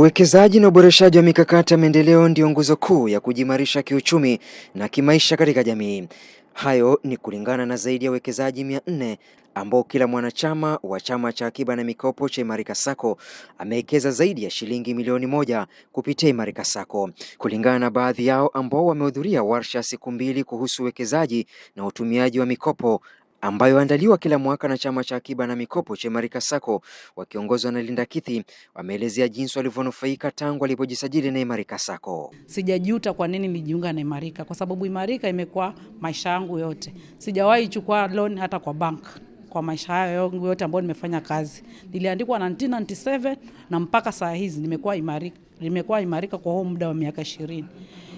Uwekezaji na uboreshaji wa mikakati ya maendeleo ndiyo nguzo kuu ya kujimarisha kiuchumi na kimaisha katika jamii. Hayo ni kulingana na zaidi ya uwekezaji mia nne ambao kila mwanachama wa chama cha akiba na mikopo cha Imarika Sacco amewekeza zaidi ya shilingi milioni moja kupitia Imarika Sacco, kulingana na baadhi yao ambao wamehudhuria warsha siku mbili kuhusu uwekezaji na utumiaji wa mikopo ambayo huandaliwa kila mwaka na chama cha akiba na mikopo cha Imarika Sacco wakiongozwa na Linda Kithi, wameelezea jinsi walivyonufaika tangu walipojisajili na Imarika Sacco. Sijajuta kwa nini nilijiunga na Imarika kwa sababu Imarika imekuwa maisha yangu yote. Sijawahi chukua loan hata kwa bank kwa maisha hayo yangu yote ambayo nimefanya kazi. Niliandikwa 1997 na mpaka saa hizi nimekuwa Imarika, nimekuwa Imarika kwa huo muda wa miaka ishirini.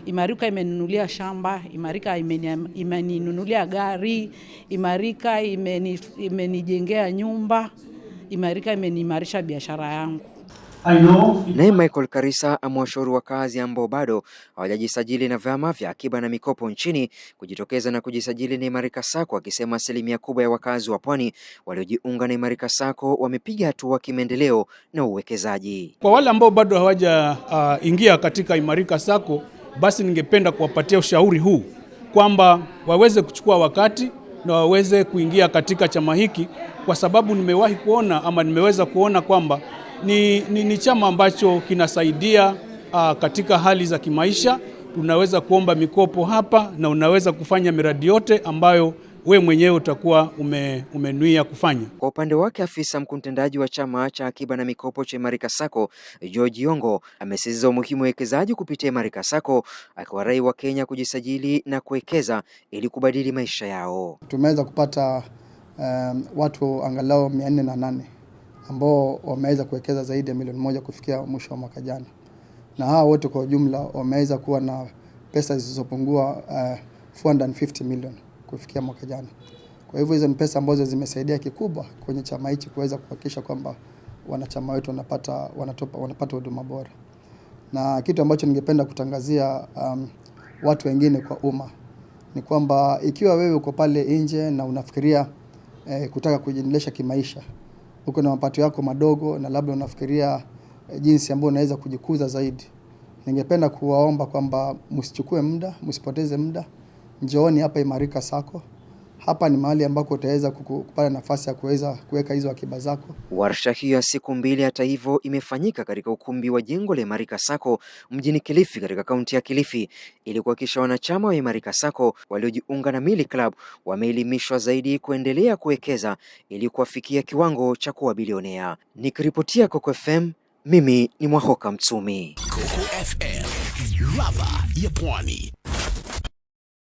Imarika imeninunulia shamba, Imarika imeninunulia gari, Imarika imenijengea nyumba, Imarika imeniimarisha biashara yangu. Naye Michael Karisa amewashauri wakazi ambao bado hawajajisajili na vyama vya akiba na mikopo nchini kujitokeza na kujisajili na Imarika Sacco, akisema asilimia kubwa ya wakazi wa Pwani waliojiunga na Imarika Sacco wamepiga hatua kimaendeleo na uwekezaji. Kwa wale ambao bado hawajaingia ah, uh, katika Imarika Sacco basi ningependa kuwapatia ushauri huu kwamba waweze kuchukua wakati na waweze kuingia katika chama hiki, kwa sababu nimewahi kuona ama nimeweza kuona kwamba ni, ni, ni chama ambacho kinasaidia uh, katika hali za kimaisha. Unaweza kuomba mikopo hapa na unaweza kufanya miradi yote ambayo we mwenyewe utakuwa ume, umenuia kufanya. Kwa upande wake, afisa mkuu mtendaji wa chama cha akiba na mikopo cha Imarika Sacco George Yongo amesisitiza umuhimu wa uwekezaji kupitia Imarika Sacco, akiwarai kenya kujisajili na kuwekeza ili kubadili maisha yao. Tumeweza kupata um, watu angalau mia nne na nane ambao wameweza kuwekeza zaidi ya milioni moja kufikia mwisho wa mwaka jana, na hawa wote kwa ujumla wameweza kuwa na pesa zisizopungua uh, 450 milioni kufikia mwaka jana. Kwa hivyo hizo ni pesa ambazo zimesaidia kikubwa kwenye chama hichi kuweza kuhakikisha kwamba wanachama wetu wanapata wanatopa, wanapata huduma bora, na kitu ambacho ningependa kutangazia um, watu wengine kwa umma ni kwamba ikiwa wewe uko pale nje na unafikiria eh, kutaka kujiendelesha kimaisha, uko na mapato yako madogo na labda unafikiria eh, jinsi ambayo unaweza kujikuza zaidi, ningependa kuwaomba kwamba msichukue muda, msipoteze muda njooni hapa Imarika Sako. Hapa ni mahali ambako utaweza kupata nafasi ya kuweza kuweka hizo akiba zako. Warsha hiyo ya siku mbili, hata hivyo, imefanyika katika ukumbi wa jengo la Imarika Sacco mjini Kilifi katika kaunti ya Kilifi ili kuhakikisha wanachama wa Imarika Sacco waliojiunga na Mili Club wameelimishwa zaidi kuendelea kuwekeza ili kuwafikia kiwango cha kuwa bilionea. Nikiripotia Coco FM, mimi ni Mwahoka Mtsumi, Coco FM, ladha ya Pwani.